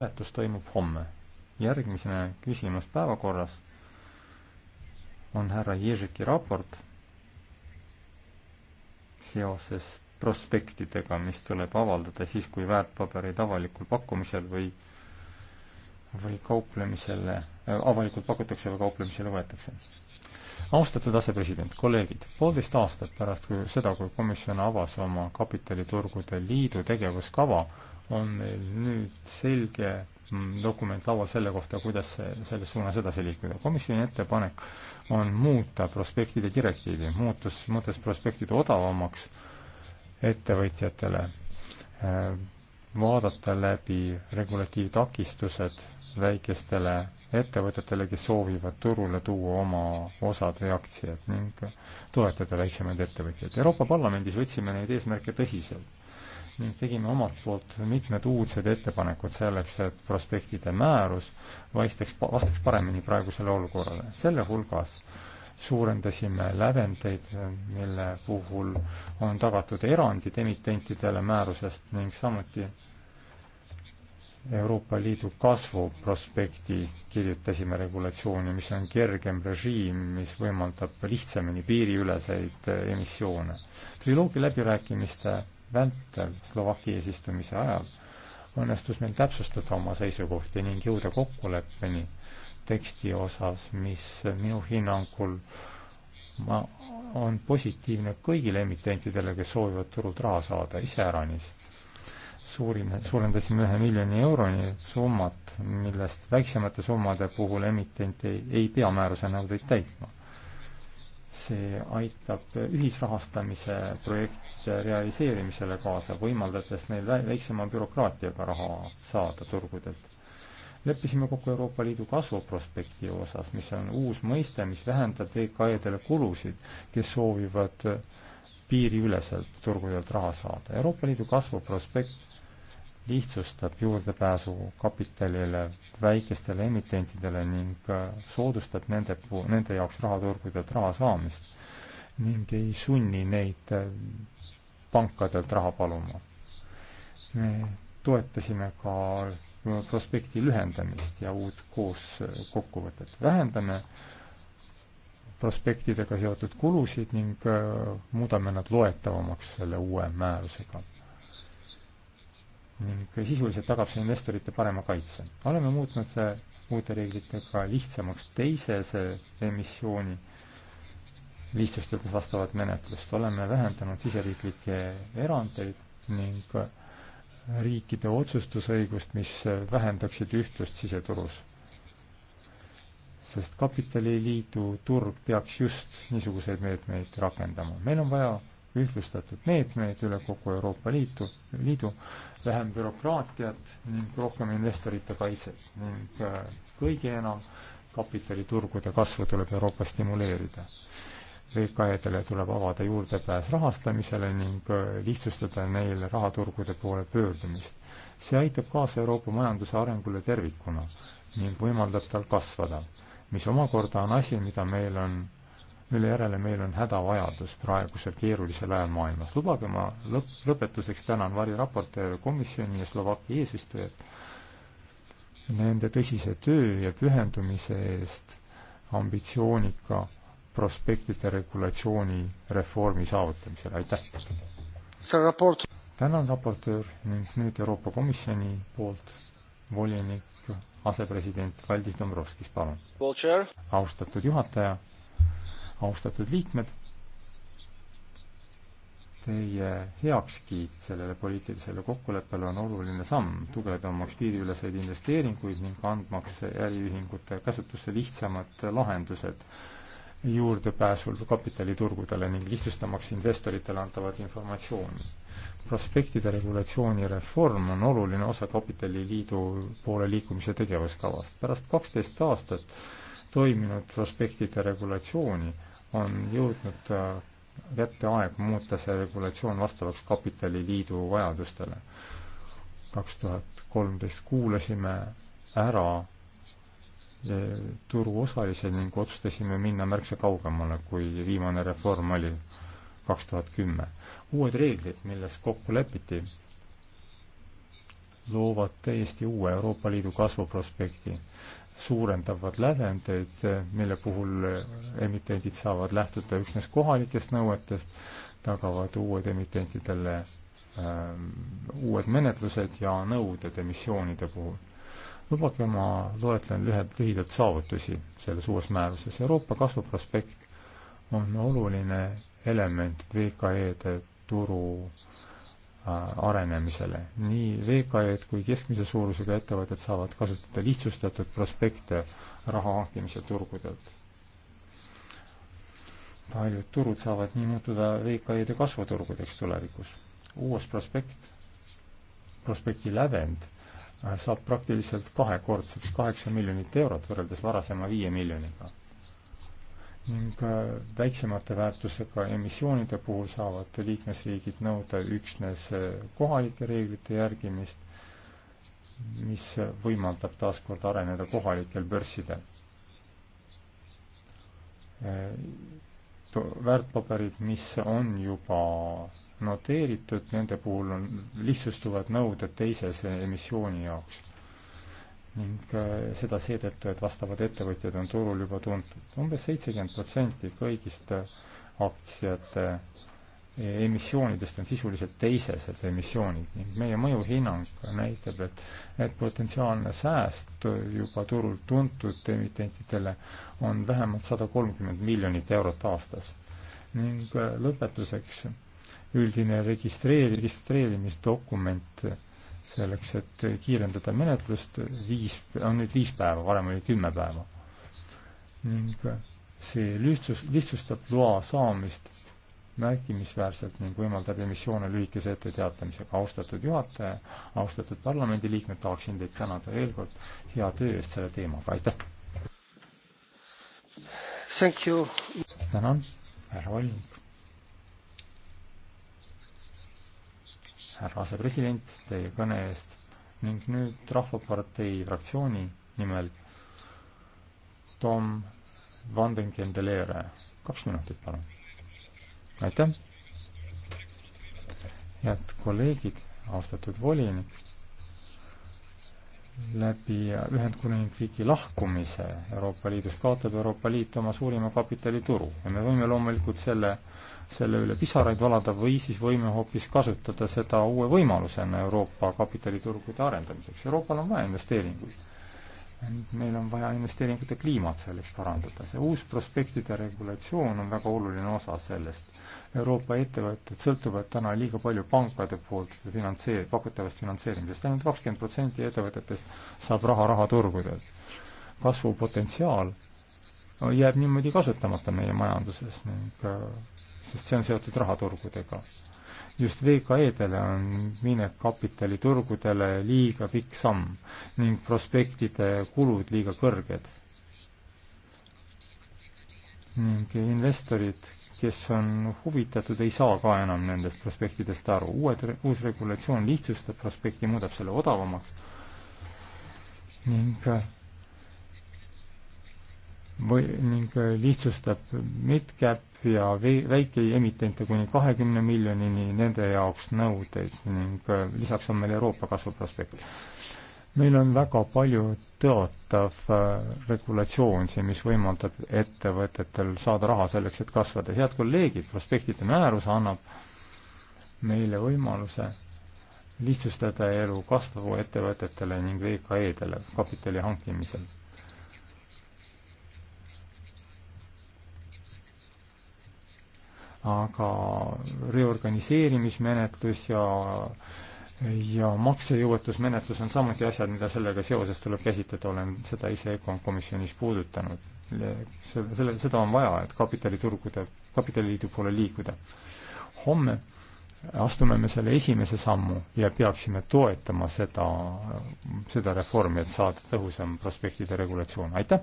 hääletus toimub homme. järgmine küsimus päevakorras on härra Ježeki raport seoses prospektidega, mis tuleb avaldada siis, kui väärtpabereid avalikul pakkumisel või, või kauplemisele, äh, avalikult pakutakse või kauplemisele võetakse. austatud asepresident, kolleegid, poolteist aastat pärast kui, seda, kui komisjon avas oma kapitaliturgude liidu tegevuskava, on meil nüüd selge mm, dokument laual selle kohta, kuidas selles suunas edasi liikuda. komisjoni ettepanek on muuta prospektide direktiivi, muutus, muutes prospektid odavamaks ettevõtjatele, äh, vaadata läbi regulatiivtakistused väikestele ettevõtetele, kes soovivad turule tuua oma osad või aktsiad ning toetada väiksemaid ettevõtjaid. Euroopa Parlamendis võtsime neid eesmärke tõsiselt ning tegime omalt poolt mitmed uudsed ettepanekud selleks, et prospektide määrus vastaks, vastaks paremini praegusele olukorrale. selle hulgas suurendasime lävendeid, mille puhul on tagatud erandid emitentidele määrusest ning samuti Euroopa Liidu kasvuprospekti kirjutasime regulatsiooni, mis on kergem režiim, mis võimaldab lihtsamini piiriüleseid emissioone. triloogi läbirääkimiste vältel Slovakkia eesistumise ajal õnnestus meil täpsustada oma seisukohti ning jõuda kokkuleppeni teksti osas, mis minu hinnangul ma, on positiivne kõigile emitentidele, kes soovivad turult raha saada, iseäranis. suurime, suurendasime ühe miljoni euroni summat, millest väiksemate summade puhul emitent ei, ei pea määruse nõudeid täitma see aitab ühisrahastamise projektide realiseerimisele kaasa, võimaldades neil väiksema bürokraatiaga raha saada turgudelt. leppisime kokku Euroopa Liidu kasvuprospekti osas, mis on uus mõiste, mis vähendab VKE-dele kulusid, kes soovivad piiriüleselt turgudelt raha saada. Euroopa Liidu kasvuprospekt lihtsustab juurdepääsu kapitalile väikestele emitentidele ning äh, soodustab nende, nende jaoks rahaturgudelt raha saamist ning ei sunni neid äh, pankadelt raha paluma. me toetasime ka prospekti lühendamist ja uut koos kokkuvõtet. vähendame prospektidega seotud kulusid ning äh, muudame nad loetavamaks selle uue määrusega ning sisuliselt tagab see investorite parema kaitse. oleme muutnud see uute reeglitega lihtsamaks teisese emissiooni, lihtsustades vastavat menetlust, oleme vähendanud siseriiklikke erandeid ning riikide otsustusõigust, mis vähendaksid ühtlust siseturus. sest kapitaliliidu turg peaks just niisuguseid meetmeid rakendama. meil on vaja ühtlustatud meetmeid üle kogu Euroopa Liitu, Liidu, vähem bürokraatiat ning rohkem investorite kaitset ning äh, kõige enam kapitaliturgude kasvu tuleb Euroopas stimuleerida. VKE-dele tuleb avada juurdepääs rahastamisele ning äh, lihtsustada neil rahaturgude poole pöördumist. see aitab kaasa Euroopa majanduse arengule tervikuna ning võimaldab tal kasvada, mis omakorda on asi, mida meil on mille järele meil on hädavajadus praegusel keerulisel ajal maailmas. lubage, ma lõpp, lõpetuseks tänan variraportööre komisjoni ja Slovakkia eesistujat nende tõsise töö ja pühendumise eest ambitsioonika prospektide regulatsiooni reformi saavutamisel, aitäh! tänan, raportöör, ning nüüd Euroopa Komisjoni poolt volinik, asepresident Valdis Dombrovskis, palun! austatud juhataja, austatud liikmed, teie heakskiit sellele poliitilisele kokkuleppele on oluline samm, tugevdamaks piiriüleseid investeeringuid ning andmaks äriühingute käsutusse lihtsamad lahendused juurdepääsul kapitaliturgudele ning lihtsustamaks investoritele antavat informatsiooni. prospektide regulatsiooni reform on oluline osa Kapitaliliidu poole liikumise tegevuskavast. pärast kaksteist aastat toiminud prospektide regulatsiooni on jõudnud äh, kätte aeg muuta see regulatsioon vastavaks kapitaliliidu vajadustele. kaks tuhat kolmteist kuulasime ära äh, turuosalise ning otsustasime minna märksa kaugemale, kui viimane reform oli kaks tuhat kümme. uued reeglid, milles kokku lepiti, loovad täiesti uue Euroopa Liidu kasvuprospekti suurendavad lävendeid, mille puhul emitendid saavad lähtuda üksnes kohalikest nõuetest, tagavad uued emitentidele ähm, uued menetlused ja nõuded emissioonide puhul. lubage, ma loetlen lühelt, lühidalt saavutusi selles uues määruses. Euroopa kasvuprospekt on oluline element VKE-de turu arenemisele. nii VKE-d kui keskmise suurusega ettevõtted saavad kasutada lihtsustatud prospekte raha hankimise turgudelt. paljud turud saavad nii muutuda VKE-de kasvuturgudeks tulevikus. uus prospekt, prospekti lävend äh, saab praktiliselt kahekordseks, kaheksa miljonit eurot võrreldes varasema viie miljoniga ning väiksemate väärtusega emissioonide puhul saavad liikmesriigid nõuda üksnes kohalike reeglite järgimist, mis võimaldab taaskord areneda kohalikel börssidel. väärtpaberid, mis on juba noteeritud, nende puhul on, lihtsustuvad nõuded teises emissiooni jaoks ning äh, seda seetõttu, et vastavad ettevõtjad on turul juba tuntud. umbes seitsekümmend protsenti kõigist äh, aktsiate äh, emissioonidest on sisuliselt teisesed emissioonid ning meie mõjuhinnang näitab, et, et potentsiaalne sääst juba turul tuntud emitentidele on vähemalt sada kolmkümmend miljonit eurot aastas. ning lõpetuseks üldine registreeri-, registreerimisdokument selleks, et kiirendada menetlust, viis, on nüüd viis päeva, varem oli kümme päeva. ning see lihtsus, lihtsustab loa saamist märkimisväärselt ning võimaldab emissioone lühikese etteteatamisega. austatud juhataja, austatud parlamendiliikmed, tahaksin teid tänada veel kord hea töö eest selle teemaga, aitäh! tänan, härra Olling! härra asepresident, teie kõne eest ning nüüd Rahvapartei fraktsiooni nimel Tom Vandenkendeleere. kaks minutit, palun. aitäh. head kolleegid, austatud volinik, läbi Ühendkuningriigi lahkumise Euroopa Liidust kaotab Euroopa Liit oma suurima kapitalituru ja me võime loomulikult selle, selle üle pisaraid valada või siis võime hoopis kasutada seda uue võimalusena Euroopa kapitaliturgude arendamiseks. Euroopal on vaja investeeringuid meil on vaja investeeringute kliimat selleks parandada. see uus prospektide regulatsioon on väga oluline osa sellest. Euroopa ettevõtted sõltuvad täna liiga palju pankade poolt finantseer-, pakutavast finantseerimisest, ainult kakskümmend protsenti ettevõtetest saab raha rahaturgudelt. kasvupotentsiaal jääb niimoodi kasutamata meie majanduses ning äh, sest see on seotud rahaturgudega just VKE-dele on minek kapitaliturgudele liiga pikk samm ning prospektide kulud liiga kõrged. ning investorid, kes on huvitatud, ei saa ka enam nendest prospektidest aru. uued, uus regulatsioon lihtsustab prospekti, muudab selle odavamaks ning või, ning lihtsustab mid-cap ja väikeemitente kuni kahekümne miljonini nende jaoks nõudeid ning äh, lisaks on meil Euroopa kasvuprospekt. meil on väga palju tõotav äh, regulatsioon siin, mis võimaldab ettevõtetel saada raha selleks, et kasvada. head kolleegid, prospektide määrus annab meile võimaluse lihtsustada elu kasvavu ettevõtetele ning VKE-dele kapitali hankimisel aga reorganiseerimismenetlus ja ja maksejõuetusmenetlus on samuti asjad, mida sellega seoses tuleb käsitleda, olen seda ise EKOM komisjonis puudutanud. selle, selle, seda on vaja, et kapitaliturgude, kapitaliliidu poole liikuda. homme astume me selle esimese sammu ja peaksime toetama seda, seda reformi, et saada tõhusam prospektide regulatsioon, aitäh!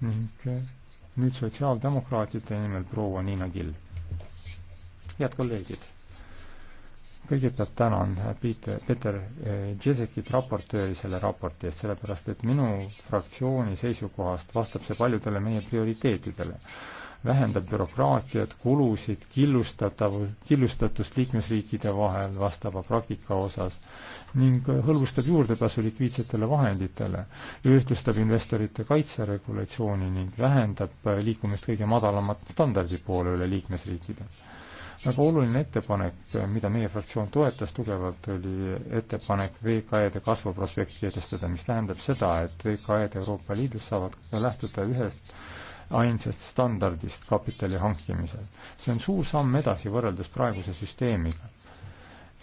ning nüüd sotsiaaldemokraatide nimel proua Niina Kill. head kolleegid, kõigepealt tänan Peter, Peter eh, Jezekit, raportööri selle raporti eest, sellepärast et minu fraktsiooni seisukohast vastab see paljudele meie prioriteetidele vähendab bürokraatiat, kulusid, killustatav, killustatust liikmesriikide vahel vastava praktika osas ning hõlbustab juurdepääsu likviidsetele vahenditele, ühtlustab investorite kaitseregulatsiooni ning vähendab liikumist kõige madalamat standardi poole üle liikmesriikide väga oluline ettepanek, mida meie fraktsioon toetas tugevalt, oli ettepanek VKE-de kasvuprospekti edestada, mis tähendab seda, et VKE-d Euroopa Liidus saavad lähtuda ühest ainsast standardist kapitali hankimisel. see on suur samm edasi võrreldes praeguse süsteemiga.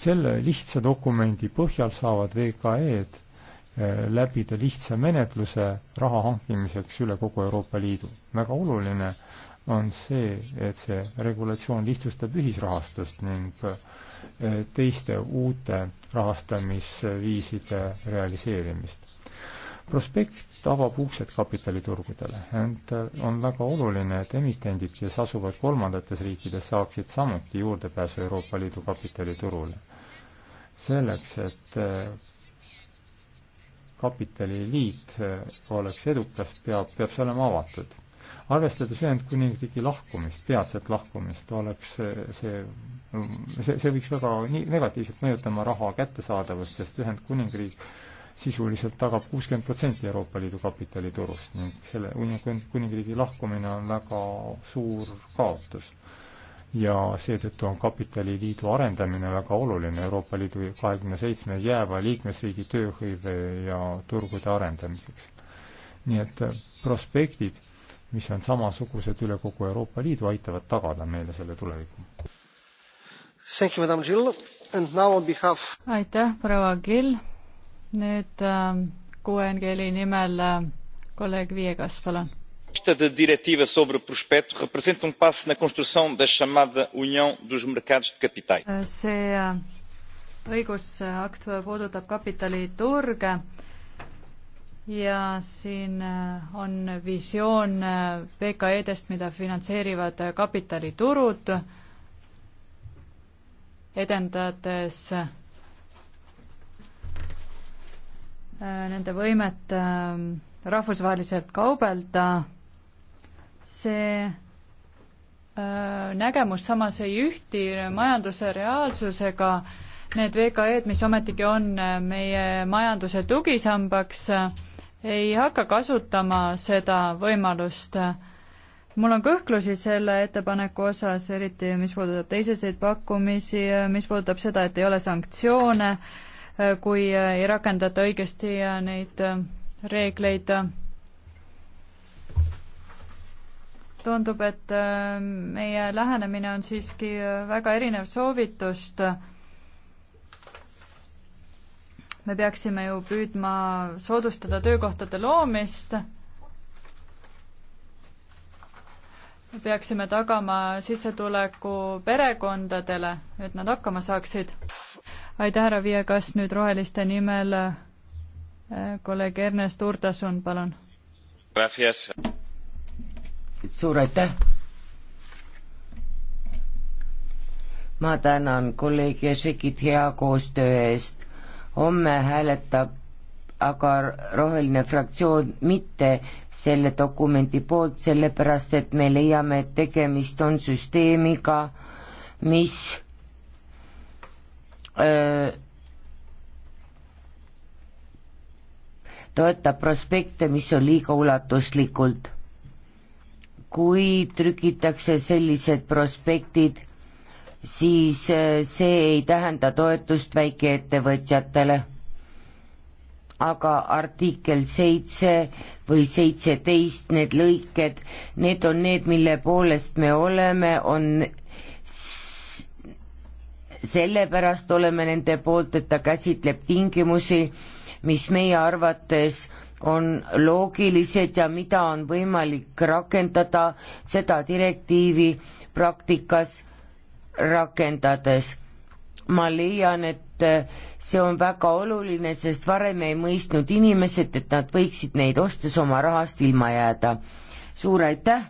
selle lihtsa dokumendi põhjal saavad VKE-d eh, läbida lihtsa menetluse raha hankimiseks üle kogu Euroopa Liidu. väga oluline on see, et see regulatsioon lihtsustab ühisrahastust ning eh, teiste uute rahastamisviiside realiseerimist prospekt avab uksed kapitaliturgudele, ent äh, on väga oluline, et emitendid, kes asuvad kolmandates riikides, saaksid samuti juurdepääsu Euroopa Liidu kapitaliturule. selleks, et äh, kapitaliliit äh, oleks edukas, peab, peab see olema avatud. arvestades Ühendkuningriigi lahkumist, peatset lahkumist, oleks see, mm, see, see võiks väga negatiivselt mõjutama raha kättesaadavust, sest Ühendkuningriik sisuliselt tagab kuuskümmend protsenti Euroopa Liidu kapitaliturust ning selle kuningriigi lahkumine on väga suur kaotus. ja seetõttu on kapitaliliidu arendamine väga oluline Euroopa Liidu kahekümne seitsme jääva liikmesriigi tööhõive ja turgude arendamiseks. nii et äh, prospektid, mis on samasugused üle kogu Euroopa Liidu, aitavad tagada meile selle tuleviku. aitäh, proua Gill! nüüd äh, QNGL-i nimel äh, kolleeg Viegas, palun. Esta da diretiva sobre prospecto representa um passo na construção da chamada União dos Mercados de Capitais. Äh, see äh, õigusakt puudutab kapitaliturge ja siin äh, on visioon äh, VKE-dest, mida finantseerivad kapitaliturud, edendades nende võimet ähm, rahvusvaheliselt kaubelda, see äh, nägemus samas ei ühti majanduse reaalsusega, need VKE-d, mis ometigi on äh, meie majanduse tugisambaks, äh, ei hakka kasutama seda võimalust. mul on kõhklusi selle ettepaneku osas, eriti mis puudutab teiseseid pakkumisi, mis puudutab seda, et ei ole sanktsioone äh,, Äh, kui äh, ei rakendata õigesti äh, neid reegleid. tundub, et meie lähenemine on siiski väga erinev soovitust. me peaksime ju püüdma soodustada töökohtade loomist peaksime tagama sissetuleku perekondadele, et nad hakkama saaksid aitäh, härra Viegas, nüüd Roheliste nimel äh, kolleeg Ernest Urtasun, palun. suur aitäh. ma tänan kolleeg Ješekit hea koostöö eest. homme hääletab aga Roheline fraktsioon mitte selle dokumendi poolt, sellepärast et me leiame, et tegemist on süsteemiga, mis toetab prospekte, mis on liiga ulatuslikult. kui trükitakse sellised prospektid, siis see ei tähenda toetust väikeettevõtjatele. aga artikkel seitse või seitseteist, need lõiked, need on need, mille poolest me oleme, on sellepärast oleme nende poolt, et ta käsitleb tingimusi, mis meie arvates on loogilised ja mida on võimalik rakendada seda direktiivi praktikas rakendades. ma leian, et see on väga oluline, sest varem ei mõistnud inimesed, et nad võiksid neid ostes oma rahast ilma jääda. suur aitäh!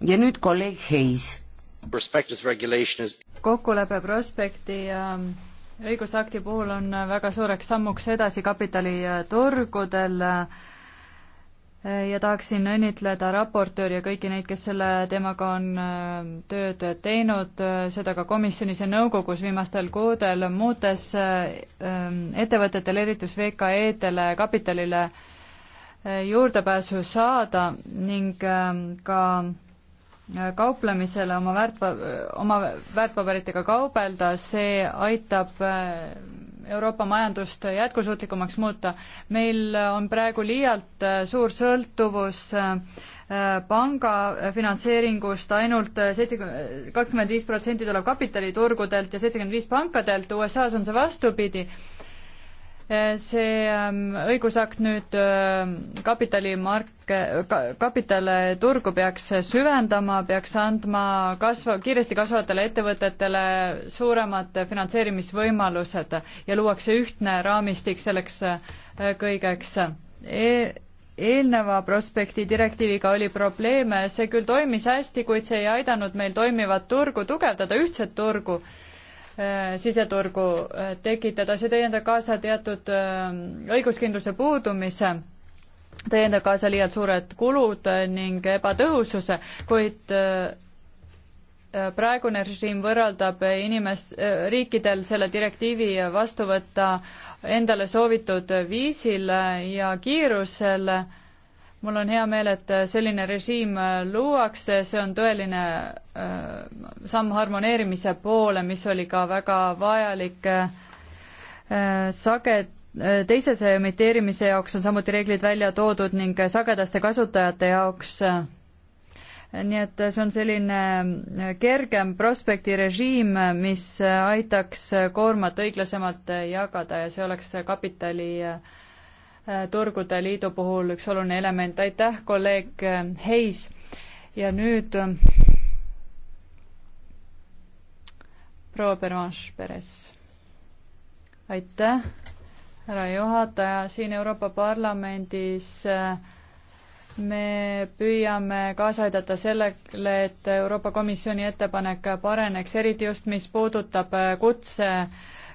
ja nüüd kolleeg Heis kokkulepe prospekti ja ähm, õigusakti puhul on väga suureks sammuks edasi kapitaliturgudel äh, äh, ja tahaksin õnnitleda raportööri ja kõiki neid, kes selle teemaga on ähm, tööd teinud, äh, seda ka komisjonis ja nõukogus viimastel kuudel, muutes ähm, ettevõtetele, eriti VKE-dele, kapitalile juurdepääsu saada ning ka kauplemisele oma väärtpa-, oma väärtpaberitega kaubelda, see aitab äh, Euroopa majandust jätkusuutlikumaks muuta. meil on praegu liialt äh, suur sõltuvus äh, panga finantseeringust ainult, ainult seitsekümmend, kakskümmend viis protsenti tuleb kapitaliturgudelt ja seitsekümmend viis pankadelt, USA-s on see vastupidi Eh, see ähm, õigusakt nüüd kapitalimark, äh, kapitaliturgu peaks süvendama, peaks andma kasva, kiiresti kasvavatele ettevõtetele suuremad finantseerimisvõimalused ja luuakse ühtne raamistik selleks äh, kõigeks e eelneva prospekti direktiiviga oli probleeme, see küll toimis hästi, kuid see ei aidanud meil toimivat turgu tugevdada, ühtset turgu Äh, siseturgu äh, tekitada, see tõi enda kaasa teatud äh, õiguskindluse puudumise, tõi enda kaasa liialt suured kulud ning ebatõhususe, kuid praegune režiim võrraldab inimes-, riikidel selle direktiivi vastu võtta endale soovitud viisil ja kiirusel mul on hea meel, et äh, selline režiim äh, luuakse, see on tõeline äh, samm harmoneerimise poole, mis oli ka väga vajalik sage-, teisese emiteerimise jaoks on samuti reeglid välja toodud ning sagedaste kasutajate jaoks nii et see on selline kergem prospekti režiim, mis aitaks koormat õiglasemalt jagada ja see oleks kapitali äh, Äh, turgude liidu puhul üks oluline element. aitäh, kolleeg äh, Heis. ja nüüd äh, proua Bermanche Perez. aitäh, härra juhataja, siin Euroopa Parlamendis me püüame kaasa aidata sellele, et Euroopa Komisjoni ettepanek pareneks, eriti just, mis puudutab kutse äh,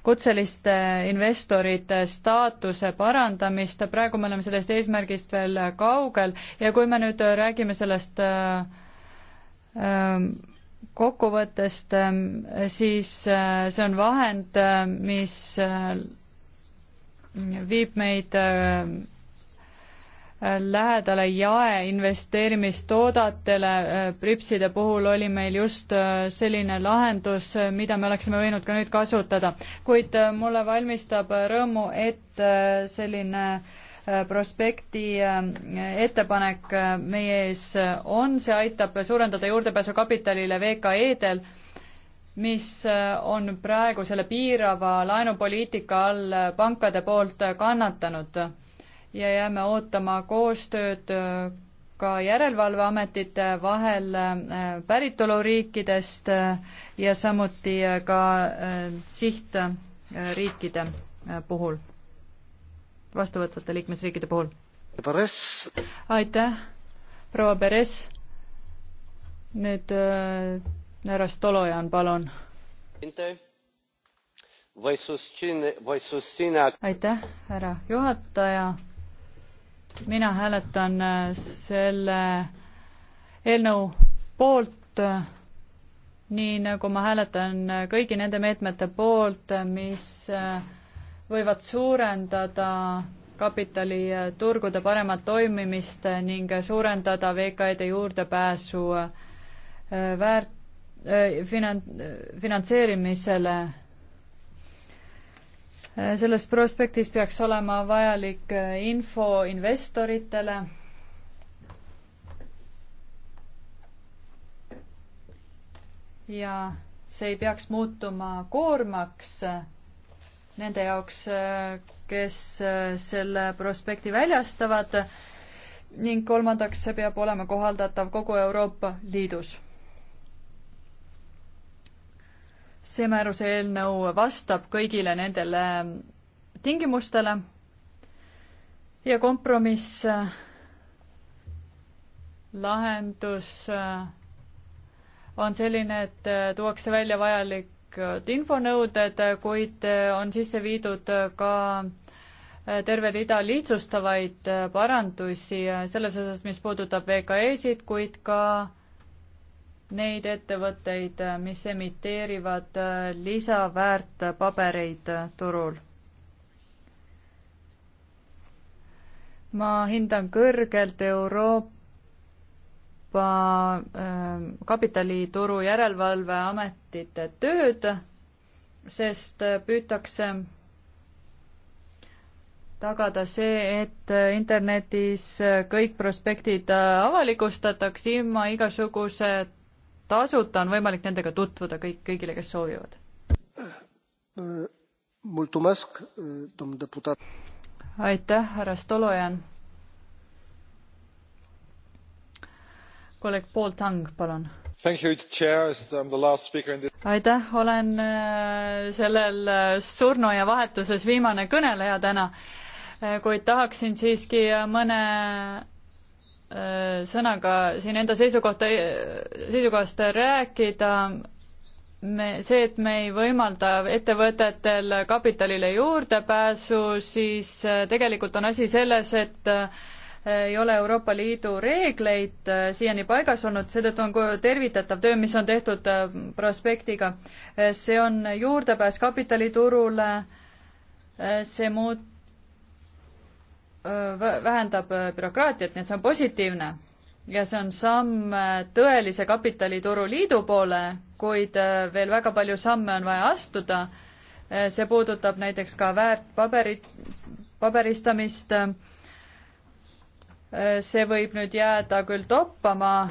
kutseliste investorite staatuse parandamist, praegu me oleme sellest eesmärgist veel kaugel ja kui me nüüd räägime sellest äh, ähm, kokkuvõttest, ähm, siis äh, see on vahend, äh, mis viib meid lähedale jaeinvesteerimistoodetele. Äh, pripside puhul oli meil just äh, selline lahendus, äh, mida me oleksime võinud ka nüüd kasutada, kuid mulle valmistab rõõmu, et selline prospekti ettepanek meie ees on, see aitab suurendada juurdepääsu kapitalile VKE-del, mis on praegu selle piirava laenupoliitika all pankade poolt kannatanud ja jääme ootama koostööd äh, ka järelevalveametite vahel äh, päritoluriikidest äh, ja samuti ka sihtriikide puhul, vastuvõtvate liikmesriikide puhul. aitäh, proua Peres. nüüd härra Stolojan, palun. aitäh, härra juhataja mina hääletan äh, selle eelnõu poolt, äh, nii nagu ma hääletan äh, kõigi nende meetmete poolt, mis võivad suurendada kapitaliturgude paremat toimimist ning suurendada VKE-de juurdepääsu väärt-, finan-, finantseerimisele selles prospektis peaks olema vajalik äh, info investoritele. ja see ei peaks muutuma koormaks äh, nende jaoks, äh, kes selle prospekti väljastavad ning kolmandaks, see peab olema kohaldatav kogu Euroopa Liidus see määruse eelnõu vastab kõigile nendele tingimustele ja kompromiss lahendus on selline, et tuuakse välja vajalikud infonõuded, kuid on sisse viidud ka terve rida lihtsustavaid parandusi selles osas, mis puudutab VKE-sid, kuid ka neid ettevõtteid, mis emiteerivad äh, lisaväärtpabereid äh, turul. ma hindan kõrgelt Euroopa äh, kapitalituru järelevalveametite tööd, sest püütakse tagada see, et internetis kõik prospektid avalikustatakse ilma igasuguse tasuta, on võimalik nendega tutvuda kõik, kõigile, kes soovivad. aitäh, härra Stolojan. kolleeg Paul Tang, palun. aitäh, olen äh, sellel äh, surnuaia vahetuses viimane kõneleja täna, äh, kuid tahaksin siiski mõne Äh, sõnaga siin enda seisukohta, seisukohast rääkida, me, see, et me ei võimalda ettevõtetel kapitalile juurdepääsu, siis äh, tegelikult on asi selles, et äh, ei ole Euroopa Liidu reegleid siiani paigas olnud, seetõttu on tervitatav töö, mis on tehtud prospektiga. see on juurdepääs kapitaliturule, see muut-, vähendab äh, bürokraatiat, nii et see on positiivne. ja see on samm äh, tõelise kapitalituru liidu poole, kuid äh, veel väga palju samme on vaja astuda. see puudutab näiteks ka väärtpaberit, paberistamist. see võib nüüd jääda küll toppama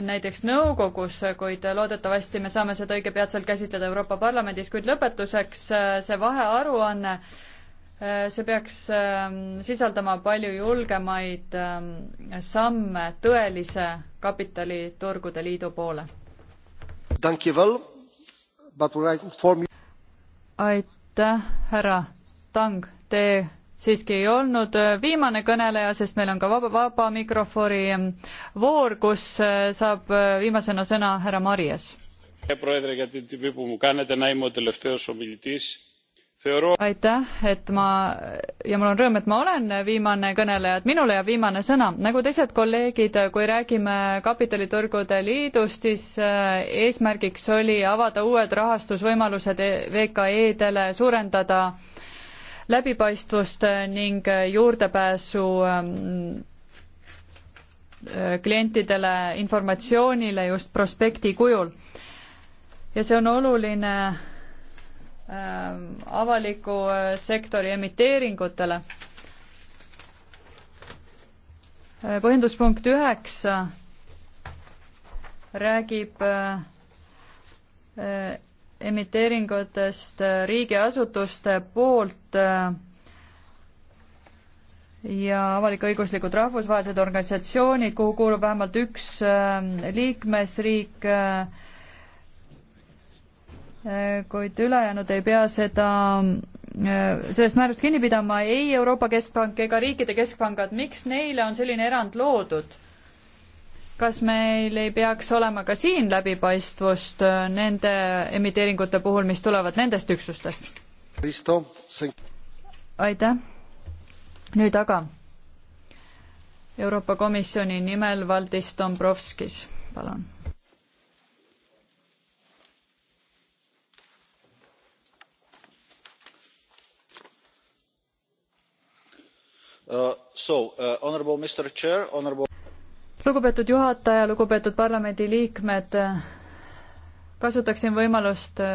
näiteks nõukogus, kuid loodetavasti me saame seda õige peatselt käsitleda Euroopa Parlamendis, kuid lõpetuseks see vahearuanne see peaks ähm, sisaldama palju julgemaid ähm, samme tõelise kapitaliturgude liidu poole. aitäh, härra Tang, te siiski ei olnud äh, viimane kõneleja, sest meil on ka vaba, vaba mikrofoni ähm, voor, kus äh, saab äh, viimasena sõna härra Marias. aitäh, härra Tang, te siiski ei olnud viimane kõneleja, sest meil on ka vaba, vaba mikrofoni voor, kus saab viimasena sõna härra Marias aitäh, et ma ja mul on rõõm, et ma olen viimane kõneleja, et minule jääb viimane sõna. nagu teised kolleegid, kui räägime kapitaliturgude liidust, siis äh, eesmärgiks oli avada uued rahastusvõimalused e- VKE-dele, suurendada läbipaistvust äh, ning äh, juurdepääsu ähm, klientidele informatsioonile just prospekti kujul. ja see on oluline Ähm, avaliku äh, sektori emiteeringutele. Äh, põhjenduspunkt üheksa räägib äh, emiteeringutest riigiasutuste poolt ja avalik-õiguslikud rahvusvahelised organisatsioonid, kuhu kuulub vähemalt üks liikmesriik, Äh, kuid ülejäänud ei pea seda, äh, sellest määrust kinni pidama ei Euroopa Keskpank ega riikide keskpangad, miks neile on selline erand loodud? kas meil ei peaks olema ka siin läbipaistvust äh, nende emiteeringute puhul, mis tulevad nendest üksustest? aitäh. nüüd aga Euroopa Komisjoni nimel Valdis Dombrovskis, palun Uh, uh, lugupeetud juhataja, lugupeetud parlamendiliikmed, kasutaksin võimalust uh,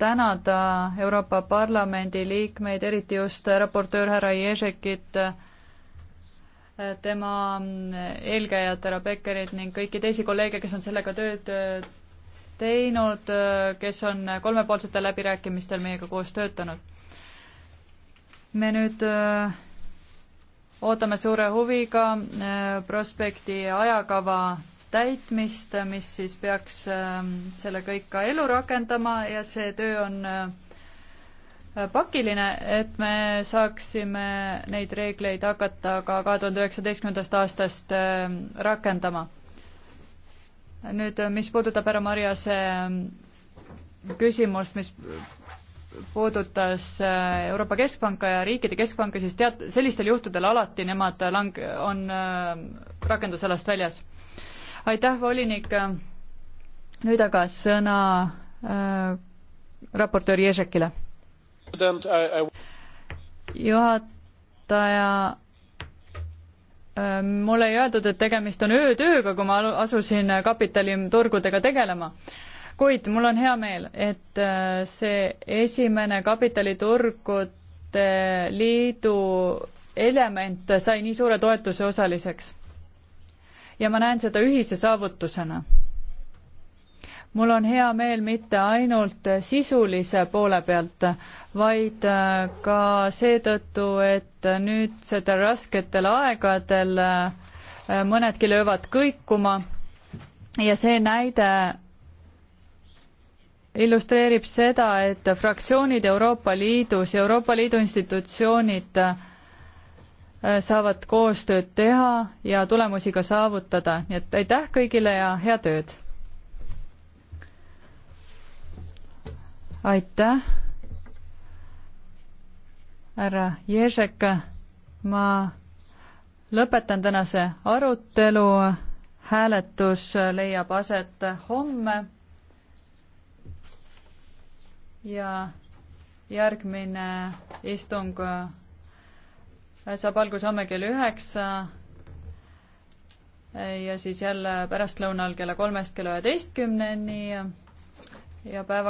tänada Euroopa Parlamendi liikmeid, eriti just raportöör härra Ježekit, tema um, eelkäijat härra Beckerit ning kõiki teisi kolleege, kes on sellega tööd teinud, kes on kolmepoolsetel läbirääkimistel meiega koos töötanud. me nüüd äh, ootame suure huviga äh, prospekti ajakava täitmist, äh, mis siis peaks ähm, selle kõik ka ellu rakendama ja see töö on äh, pakiline, et me saaksime neid reegleid hakata ka kahe tuhande üheksateistkümnendast aastast ähm, rakendama. nüüd, mis puudutab härra Marjase ähm, küsimust, mis puudutas äh, Euroopa Keskpanka ja riikide keskpanka, siis tead-, sellistel juhtudel alati nemad lang-, on äh, rakendusalast väljas. aitäh, volinik, nüüd aga sõna äh, raportöör Ježekile. juhataja äh, mulle ei öeldud, et tegemist on öötööga, kui ma asusin kapitaliturgudega tegelema kuid mul on hea meel, et äh, see esimene kapitaliturgude liidu element sai nii suure toetuse osaliseks. ja ma näen seda ühise saavutusena. mul on hea meel mitte ainult sisulise poole pealt, vaid äh, ka seetõttu, et nüüd sellel rasketel aegadel äh, mõnedki löövad kõikuma ja see näide illustreerib seda, et fraktsioonid Euroopa Liidus ja Euroopa Liidu institutsioonid äh, saavad koostööd teha ja tulemusi ka saavutada, nii et aitäh kõigile ja head ööd! aitäh, härra Ježek, ma lõpetan tänase arutelu, hääletus leiab aset homme ja järgmine istung äh, saab alguse homme kell üheksa ja siis jälle pärastlõunal kella kolmest kella üheteistkümneni ja päeva